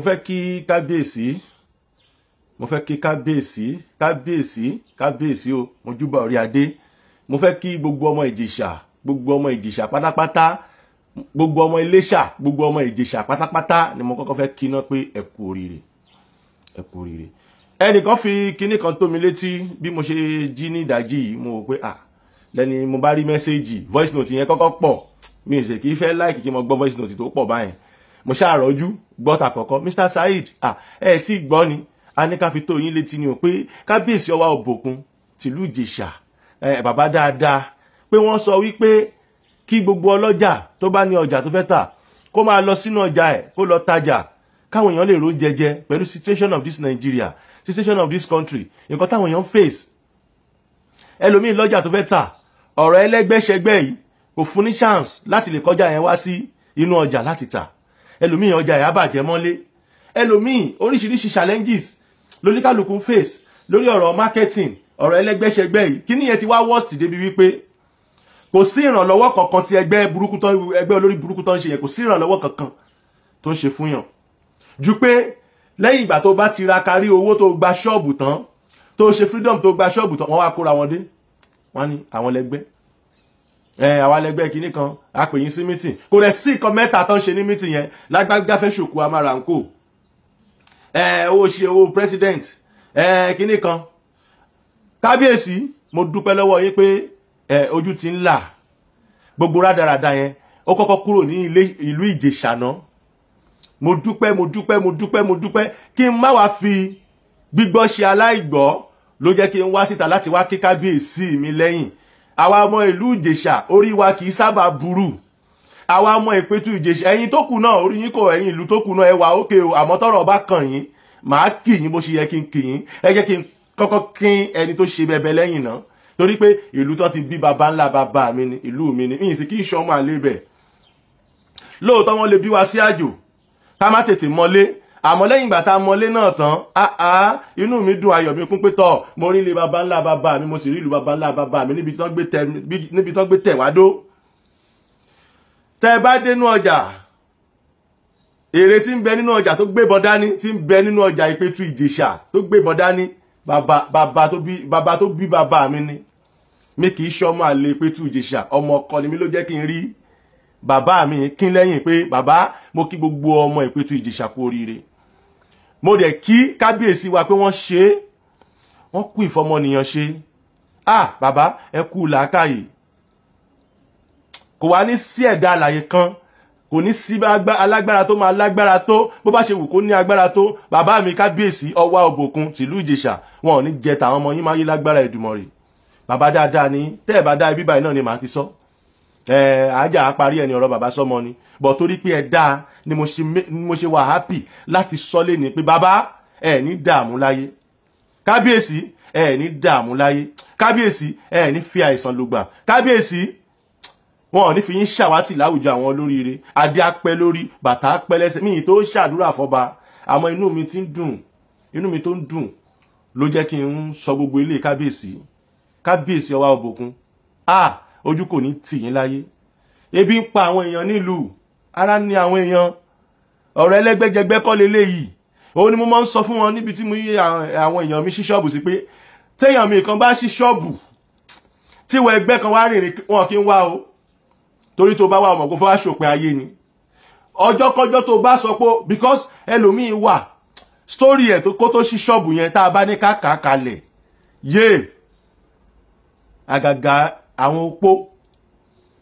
mo fẹ́ kí kábíyèsí mo fẹ́ kí kábíyèsí kábíyèsí kábíyèsí o mo júbà orí adé mo fẹ́ kí gbogbo ọmọ ìjẹ̀ṣà gbogbo ọmọ ìjẹ̀ṣà pátápátá gbogbo ọmọ iléṣà gbogbo ọmọ ìjẹ̀ṣà pátápátá ni mo kọ́kọ́ fẹ́ kí iná pé ẹ kú oríire ẹ kú oríire ẹnìkan fi kinní kan tó mi létí bí mo ṣe jí ní ìdájí yìí mo rò pé à lẹ́ni mo bá rí mẹ́sẹ́ẹ̀jì voice note yẹn kọ́kọ́ pọ̀ mi ò sì kí fẹ́ láìkì kí mo gbọ́ voice note tó pọ̀ báyẹn mo ṣàròjú gbọ́ta kọ̀ọ̀kan Mr Saheed ẹ tí gbọ́ ni a ní ká fi tó yín létí ni o pé kábíyèsí ọwá òbòkun tìlú ìjẹ̀ṣà bàbá dáadáa pé wọ́n sọ wípé kí gbogbo ọlọ́jà tó bá ní ọjà tó fẹ́ tà kó máa lọ sínú ọjà ẹ̀ kó lọ tajà káwọn èèyàn lè róúnjẹ jẹ pẹ̀lú situation of this Nigeria situation of this country nǹkan táwọn èèyàn face ẹlòmíì lọ́jà tó fẹ́ tà ọ̀rọ̀ ẹlẹ́gbẹ́ṣẹgbẹ́ yìí kò fún ní chance láti lè kọjá yẹn wá sí inú ọjà láti tà ẹlòmíì ọjà ẹ̀ á bàjẹ́ mọ́lé ẹlòmíì oríṣiríṣi challenges lóníkàlùkù face lórí ọ̀rọ̀ marketing ọ̀rọ̀ ẹlẹ́gbẹ́ṣẹgbẹ́ yìí kí nìyẹn ti wá worst débi wípé kò sí ìrànlọ́wọ́ kankan tí ẹgbẹ́ burúkú tán ẹgbẹ́ olórí burúkú tán ń ṣe yẹn kò sí ìrànlọ́wọ́ kankan tó ń ṣe fún yàn ju pé lẹ́yìn ìgbà tó bá ti ra kárí owó tó gba ṣọ́ọ̀bù tán tó ṣe freedom tó gba ṣọ́ọ̀bù tán wọ́n wá kóra wọn dé wọ́n ní àwọn lẹ́gbẹ́ ẹ àwa lẹgbẹ́ kinní kan a pè yín sí mítìn kò rẹ̀ sí nǹkan mẹ́ta tó ń ṣe ní mítìn yẹn lágbájá fẹ́ ṣòkú amaranko ẹ owó ṣe owó president ẹ kinní kan kábíyèsí mo dúpẹ́ lọ́wọ́ yín pé ẹ ojú ti ń là gbogbo rádaràda yẹn ó kọ́kọ́ kúrò ní ilé ìlú ìjẹ̀ṣà náà mo dúpẹ́ mo dúpẹ́ mo dúpẹ́ mo dúpẹ́ kí n má wá fi gbígbọ́ ṣe aláìgbọ́ ló jẹ́ kí n wá síta láti wá kí kábíyèsí mi lẹ́yìn àwa ọmọ ìlú ìjẹ̀ṣà orí wa kì í sábà burú àwa ọmọ ìpẹ̀tù ìjẹ̀ṣà ẹ̀yin tó kù náà orí yín kò ẹ̀yin ìlú tó kù náà ẹ wà òkè o àmọ́ tọ́rọ̀ bá kàn yín màá kì yín bó ṣe yẹ kí n kì yín ẹ jẹ́ kí n kọ́kọ́ kín ẹni tó ṣe bẹbẹ lẹ́yìn náà torí pé ìlú tó ti bí baba ńlá baba mi ni ìlú mi ni ìyìn sì kí ìṣọmọ àlebẹ lóòótọ́ wọn lè bí wa sí àjò ká má tètè mọlé àmọ́ lẹ́yìn ìgbà tá a mọlé náà tán áá ah, ah, inú mi dùn ayọ̀ mi kún pé tọ̀ mo rí ilé baba ńlá baba mi mo sì rí ìlú baba ńlá baba mi níbi tán gbé tẹ̀ wá dó tẹ́ bá dénú ọjà èrè tí ń bẹ nínú ọjà tó gbébọn dání tí ń bẹ nínú ọjà ìpẹtù ìjèṣà tó gbébọn dání bàbá bàbá tó bí bàbá tó bí bàbá mi ni mi kì í ṣọmọ àlè ìpẹtù ìjèṣà ọmọ ọkọ ni mi ló jẹ́ kí n rí bàbá mi kín lẹ́yìn pé bàbá mo kí gbogbo ọmọ ìpẹtù ìjèṣà kú oríire mo dẹ̀ kí kábíyèsí wa pé wọ́n ṣe é wọ́n kú ìfọmọnìyàn ṣe ah bàbá ẹ kú làákàyè kò wá ní sí ẹ̀dá àlàyé kan kò ní sí alágbára tó máa lágbára tó bó bá ṣe wù kó ní agbára tó bàbá mi kábíyèsí ọwá òbòkun tìlú ìjẹ̀ṣà wọn ò ní jẹ tàwọn ọmọ yín máa yí lágbára Èdùmàrè bàbá dáadáa ni tẹ́ bá dá ibi báyìí náà ni màá ti sọ ẹ ajá parí ẹni ọ̀rọ̀ bàbá sọmọ ni bọ̀ torí pé ẹ dáa ni mo ṣe wà happy láti sọ lé ní pé bàbá ẹ ní dààmú láyé kábíyèsí ẹ ní dààmú láyé kábíyèsí ẹ ní fi àìsàn lùgbà kábíyèsí wọn ò ní fi yín ṣàwátì láwùjọ àwọn olóríire adé apẹ lórí bàtà apẹ lẹ́sẹ̀ míì tó ṣàdúrà fọba àmọ́ inú mi ti ń dùn inú mi tó ń dùn ló jẹ́ kí n sọ gbogbo ilé kábíyèsí kábíyèsí ọwá ọbòkun ah ojú kò ní tì yín láyé ebi ń pa àwọn èèyàn nílùú ara ní àwọn èèyàn ọ̀rọ̀ ẹlẹ́gbẹ́jẹgbẹ́ kọ́ leléyìí òun ni mo máa ń sọ fún wọn níbi tí mo yí àwọn èèyàn mi sí ṣọ́ọ̀bù sí pé téèyàn mi kan bá sí ṣọ́ọ̀bù tí wọ ẹgbẹ́ kan wá rìnrìn wọn kí ń wá o torí tó bá wà ọmọ kó fọwọ́ ṣòpin ayé ni ọjọ́ kọjọ́ tó bá sọ pé because ẹlòmíì wà story ẹ̀ tó kó tó sí ṣọ́ọ̀bù yẹn tá a bá ní ká kà á kalẹ̀ yéè àgàgà àwọn opó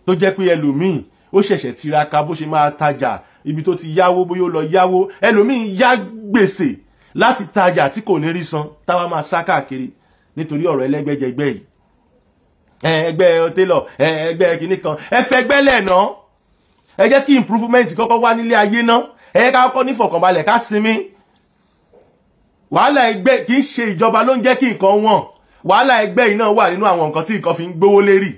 tó jẹ́ pé ẹlòmíì ó ṣẹ̀ṣẹ̀ tiraka bó ṣe máa tajà ibi tó ti yáwó bóyá ó lọ yáwó ẹlòmíì yá gbèsè láti tajà tí kò ní rí san táwa máa sá káàkiri nítorí ọ̀rọ̀ ẹlẹ́gbẹ́jẹgbẹ́ yìí ẹgbẹ́ télọ̀ ẹgbẹ́ kìíní kan ẹ fẹgbẹ́ lẹ̀ ná ẹ jẹ́ kí improvement kọ́kọ́ wá nílé ayé ná ẹ ká kọ́kọ́ ní fọkànbalẹ̀ ká sinmi wàhálà ẹgbẹ́ kì í ṣe ìjọba ló ń jẹ́ kí nǹkan wọ̀n wàhálà ẹgbẹ́ yìí náà wà nínú àwọn nǹkan tí nǹkan fi ń gbówó lérí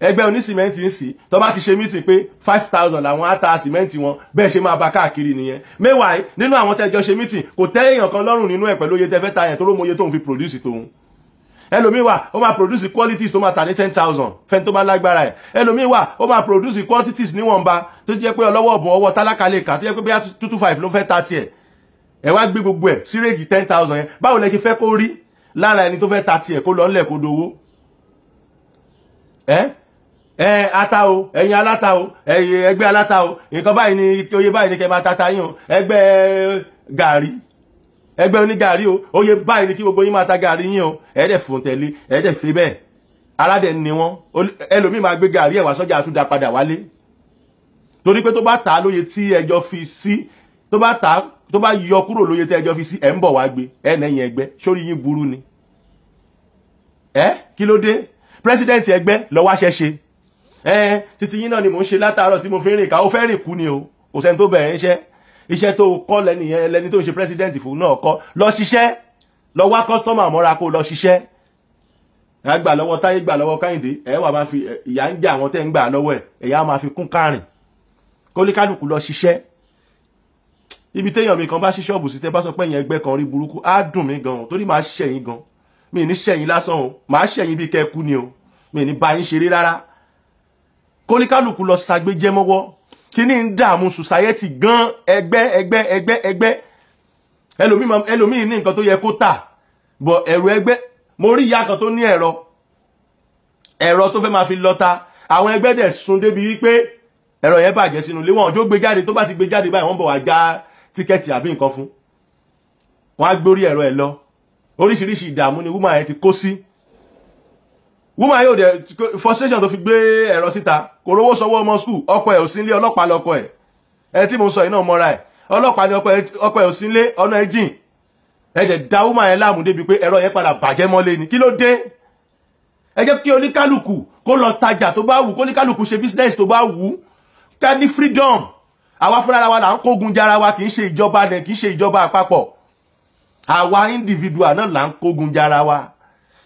ẹgbẹ́ onísìmẹ́ǹtì ń sì tó bá ti ṣe mítì pé five thousand làwọn á ta sìmẹ́ǹtì wọn bẹ́ẹ̀ ṣe máa bá káàkiri nìyẹn mẹ́wàá nínú àwọn tẹ́jọ ṣe mítì kò tẹ́ èèyàn kan lọ́rùn nínú ẹ̀ pẹ̀lú oye tẹ́fẹ́ ta yẹn tó ló mọ tóun fi produce tóun ẹlòmíì wà ó máa produce qualities tó máa tà ní ten thousand fẹ́ni tó bá lágbára ẹ̀ ẹlòmíì wà ó máa produce quantities níwọ̀nba tó jẹ́ pé ọlọ́wọ́ ọ̀bùn ọwọ́ tálákà lè kà tó jẹ́ pé bóyá two two five ló fẹ́ ta tiẹ̀ ẹ wá gbé gbogbo ẹ̀ sí ten thousand yẹn báwo lẹ ṣe fẹ́ kó rí lára ẹni tó fẹ́ ta tiẹ̀ kó lọ ńlẹ̀ kó dowó ẹ ẹ ata o ẹyin aláta o ẹyin ẹgbẹ́ aláta o nǹkan báyìí ni oye báyìí ni kẹ́ máa tata yín o ẹgbẹ́ gàrí ẹgbẹ́ onígàrí o oye báyìí ni kí gbogbo yín máa ta gàrí yín o ẹ̀ẹ́dẹ̀ fòǹtẹ̀lé ẹ̀ẹ́dẹ̀ fi bẹ́ẹ̀ aládẹ̀ ni wọ́n ẹlòmíì máa gbé gàrí ẹ̀wà sọ́jà àtúndà padà wálé torí pé tó bá ta lóye tí ẹjọ́ fi sí tó bá ta tó bá yọ kúrò lóye tẹ́jọ́ fi sí ẹ̀ ń bọ̀ wá gbé ẹ̀ ẹgbẹ́ sórí yín burú ni ẹ́ kí ló dé pírẹsidẹ́ǹtì ẹgbẹ́ lọ́wọ́ aṣẹ́ṣe ẹ́ titi yín náà ni mò ń ṣe látàárọ̀ tí mo fi ń rìn ká ó fẹ́ rìn kú ni o kò sẹ́ni tó bẹ̀rẹ̀ ń ṣẹ́ iṣẹ́ tó kọ́ lẹ́nìyẹn lẹ́ni tó ń ṣe pírẹsidẹ́ǹtì fún náà kọ́ lọ ṣiṣẹ́ lọ wá kọ́sítọ́mà mọ́ra kó lọ ṣiṣẹ́ gbà lọ́wọ́ táyé gbà lọ́wọ́ káyìndé ẹ̀ wà máa fi ìyá ń jẹ àwọn tẹ́ ń gbà lọ́wọ́ ẹ̀ ẹ̀yà máa fi kún kárìn kólíkálùkù lọ ṣiṣẹ́ ibi téèyàn mi kan bá ṣí ṣọ́ọ̀bù sí tẹ́ bá sọ pé ẹ̀yìn ẹgbẹ́ kan rí burúkú á dùn mí gan torí màá ṣẹ̀yìn gan mi ní ṣẹ̀yìn lásán o màá ṣẹ̀yìn bí kẹ́kú ni o mi ní bá yín ṣeré rárá kóníkálùkù lọ ṣàgbéjẹ́ mọ́wọ́ kíní ń dààmú society gan ẹgbẹ́ ẹgbẹ́ ẹgbẹ́ ẹgbẹ́ ẹlòmíì ní nǹkan tó yẹ kó tà bọ̀ ẹ̀rọ ẹgbẹ́ mo rí ìyá kan tó ní ẹ̀rọ ẹ̀rọ tó fẹ́ máa fi lọ́ta àwọn ẹgbẹ́ dẹ̀ sun débi wípé ẹ̀rọ yẹn bàjẹ́ sínú ilé wọn gbé jáde tó bá ti gbé jáde báyìí wọ́n bọ̀ wá já tíkẹ́ẹ̀tì àbí nǹkan fún wọ́n á gbórí ẹ̀rọ ẹ̀ lọ oríṣiríṣi ìdààmú ni woman yẹn ti kó sí woman yóò dẹ̀ frustration tó fi gbé ẹ̀rọ síta kò rówó sanwó ọmọ skul ọkọ ẹ̀ ò sí ilé ọlọ́pàá lọkọ ẹ̀ ẹ tí mo sọ yìí náà mọ́ra ẹ̀ ọlọ́pàá ni ọkọ ẹ̀ ò sí ilé ọ̀nà ẹ̀ jìn ẹ̀ dẹ̀ da woman yẹn láàmú débi pé ẹ̀rọ yẹn padà bàjẹ́ mọ́lé ni kí ló dé ẹ jẹ́ kí oníkálukú kó lọ tajà tó bá wù kó oníkálukú ṣe business tó bá wù ká ní freedom àwa fúnra wa là ń kógun jára wa kì í ṣe ìjọba dẹ̀ kì í ṣe ìjọba àpapọ̀ àwa individual náà là ń kógun jára wa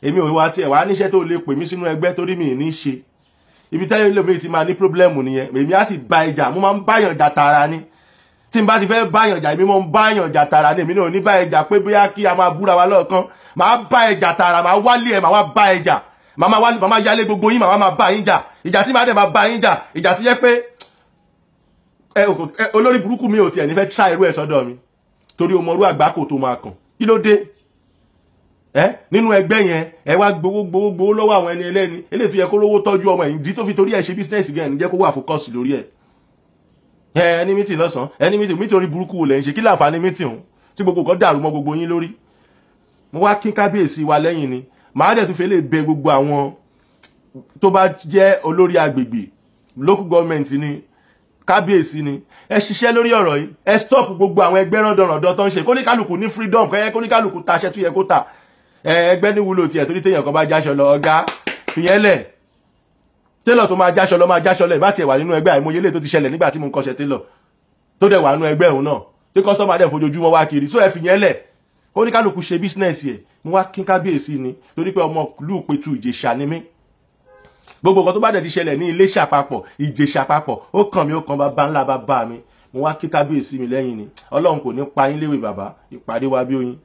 èmi ò wá tiẹ̀ wá níṣẹ́ tó lè pè mí sínú ẹgbẹ́ torí mi ní ṣe ibi tẹ́lẹ̀ lómi ti máa ní pírọ́blẹ́mù nìyẹn èmi á sì ba ìjà mo máa ń báyàn jà tara ni tí n bá ti fẹ́ báyàn jà èmi mo ń báyàn jà tara ni èmi náà ní bá ẹjà pé bóyá kí a máa búra wa lọ́ọ̀kan màá bá ẹjà tara màá wálé ẹ̀ màá wá bá ẹjà màá máa yálé gbogbo yín màá máa bá yín jà ìjà tí màá dẹ̀ máa bá yín jà ìjà tí jẹ́ pé olórí burúkú mi ò tiẹ̀ ní fẹ́ tra irú ẹ̀ sọ́dọ̀ mi torí o mọ irú àgbákò tó máa kàn kí ló dé ẹ nínú ẹgbẹ́ yẹn ẹ wá gbowó gbowó gbowó lọ́wọ́ àwọn ẹni ẹlẹ́ni eléyìí tó yẹ kó lówó tọ́jú ọmọ ẹ̀yìn dí tó fi torí ẹ̀ ṣe bísínẹ́sì gan ẹ̀ jẹ́ kó wà fókọ́sì lórí ẹ̀ ẹ ẹni mítì lọ́sàn ẹni mítì mítì orí burúkú wò lẹ́yìn ṣe kí láǹfààní mítì òun tí gbogbo kan dàrú mọ́ gbogbo yín lórí mo wá kí kábíyèsí wa lẹ́yìn ni màá dẹ̀ tún fẹ́ lè bẹ gbogbo àwọn tó bá jẹ́ olórí agbègbè local government ni kábíyèsí ni ẹ ṣiṣẹ́ lórí ọ̀rọ̀ yìí ẹ stop gbogbo àwọn ẹgbẹ́ rándanràndan tó ń ṣe kóníkálùkù ní freedom kẹ́yẹ kóníkálùkù ta aṣẹ́ tó yẹ kó ta ẹgbẹ́ ní wúlò tiẹ̀ torí téèyàn kan bá jáṣọ lọ ọ̀gá fìyẹn lẹ̀ télọ̀ tó máa jáṣọ lọ máa jáṣọ lẹ̀ bá tiẹ̀ wà nínú ẹgbẹ́ àìmọye lè tó ti ṣẹlẹ̀ nígbà tí mo ń kọ́ṣẹ́ télọ̀ tó dẹ̀ wà nínú ẹgbẹ́ òun náà tí kọ́sọ́mà dẹ̀ fojoojúmọ́ wá kiri so ẹ fìyẹn lẹ̀ kóníkálùkù ṣe bísínẹ́sì ẹ̀ mo wá kí kábíyèsí ni torí pé ọmọ lù pẹ̀tù Ìjẹ̀ṣà ni mí gbogbo nǹkan tó bá dẹ̀ ti ṣẹlẹ̀ ní Iléṣà papọ̀ Ìjẹ̀ṣà papọ̀ ó kàn mí ó kàn bàbá ńlá bàbá mi mo wá kí kábíyèsí mi lẹ́yìn ni ọlọ́run kò ní pa yín léwe bàbá ìpàdé wa bí oyin